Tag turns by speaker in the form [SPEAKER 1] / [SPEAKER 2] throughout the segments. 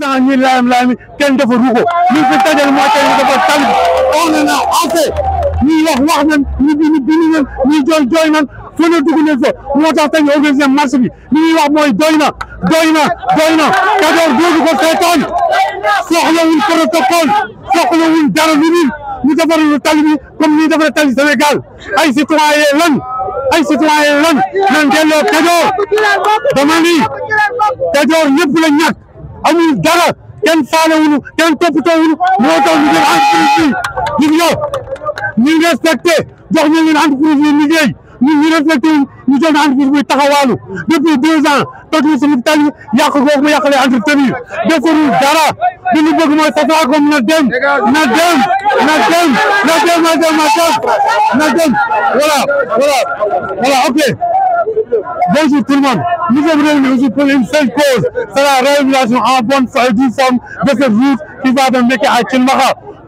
[SPEAKER 1] sans ñuy laayam laayam kenn defaru ko ñu fi dajal moo tey ñu defar tali on en a assez ñuy wax wax nañ ñu bind bind nañ ñuy jooy jooy nañ fu ne dugg nañ fa moo tax tey organisé marche bi li ñuy wax mooy doy na doy na doy na Kajoor dootu ko seetaan soxlawuñ protocole soxlawuñ dara lu nit ñu defaral tali bi comme ni ñu defaree tali Sénégal ay citoyen lañ ay citoyen lañ nañ delloo Kajoor dama ni Kajoor ñëpp la ñàkk amul dara kenn faale wuñu kenn toppatoo wuñu moo tax ñu jël entreprise bi ñu yor ñu respecté jox ñu leen entreprise bi liggéey ñun ñu respecté ñu jël entreprise bi taxawaalu depuis deux ans toj na suñu tali yàq googu ma yàqalee entreprise bi defarul dara li ñu bëgg mooy Satacom na dem na dem na dem na dem na dem na dem na dem voilà voilà voilà ok bonjour tout le monde Nous eu réunis aussi pour une seule cause, c'est la réalisation en bonne du forme de cette route qui va de Mekka à Tout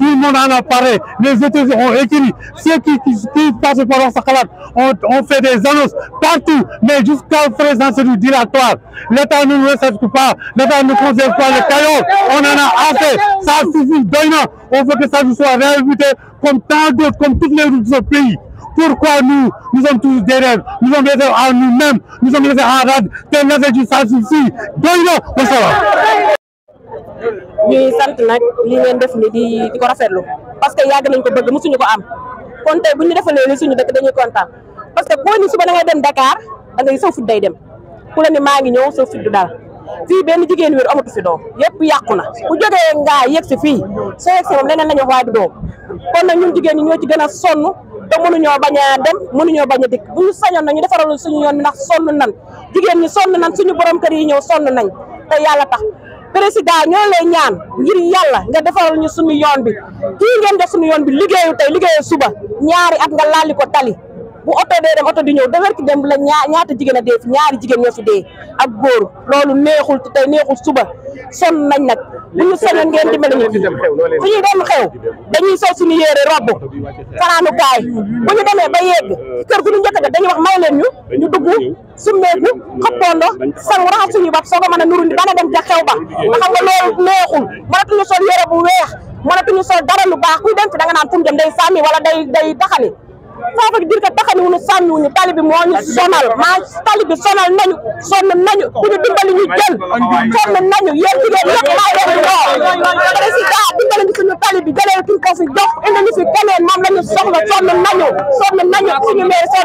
[SPEAKER 1] le monde en a parlé, les autorités ont écrit, ceux qui, qui, qui passent par la Sakhalat ont, ont, fait des annonces partout, mais jusqu'à présent c'est du dilatoire. L'État ne nous respecte pas, l'État ne conserve pas le caillot, on en a assez, ça suffit, an, on veut que ça nous soit réhabilité comme tant d'autres, comme toutes les routes de pays. Pourquoi nous, nous sommes tous derrière, nous sommes laissés à nous-mêmes, nous sommes te laissé ci sa suuf si doy na ba
[SPEAKER 2] ñuy sant nag li ngeen def ni di di ko rafetlu parce que yàgg nañ ko bëgg mësuñu ko am kon tey bu ñu defalee li suñu dëkk dañuy kontaan parce que koo ni suba da dem Dakar da ngay saw day dem ku la ni maa ngi ñëw saw fit du daal fii benn jigéen wér amatu si doom yëpp yàqu na bu jógee ngaa yegg si fii soo yegg si moom leneen la ñu wax waaye jigéen ñi ñoo ci gën a sonn te mënuñoo bañ a dem mënuñoo bañ a dikk bu ñu sañoon nañu defaral suñu yoon ndax sonn nan jigéen ñi sonn nan suñu borom kër yi ñëw sonn nañ te yàlla tax président ñoo lay ñaan ngir yàlla nga defaral ñu suñu yoon bi kii ngeen def suñu yoon bi liggéeyu tey liggéeyu suba ñaari at nga laali ko tali bu oto dee dem oto di ñëw dëgër ki dem la ñaa ñaata jigéen a dee fi ñaari jigéen ñoo fi dee ak góor loolu neexul te tey neexul suba sonn nañ nag bu ñu soñoon ngeen dimbali ñu fu ñu dem xew dañuy sol suñu yére robb fanaanu bu ñu demee ba yegg kër gu ñu njëkk ga dañuy wax may ñu ñu dugg summeeku xëppondo sangu raxas suñu bopp soo ko mën a nuru ni dana dem ca xew ba nga xam nga loolu neexul mënatuñu sol yére bu weex mënatuñu sol dara lu baax kuy dem fi da nga naan fu mu jëm day sàmmi wala day day taxani foofu biir kat taxaniwuñu sànniwuñu tali bi moo ñu sonal maa tali bi sonal nañu sonn nañu ku ñu dimbali ñu jël sonn nañu yéen jigéen ñëpp maa leen woo président dimbali ñu suñu tali bi jëlee si jox indi ñu si keneen moom la ñu soxla sonn nañu sonn nañu suñu maire sonn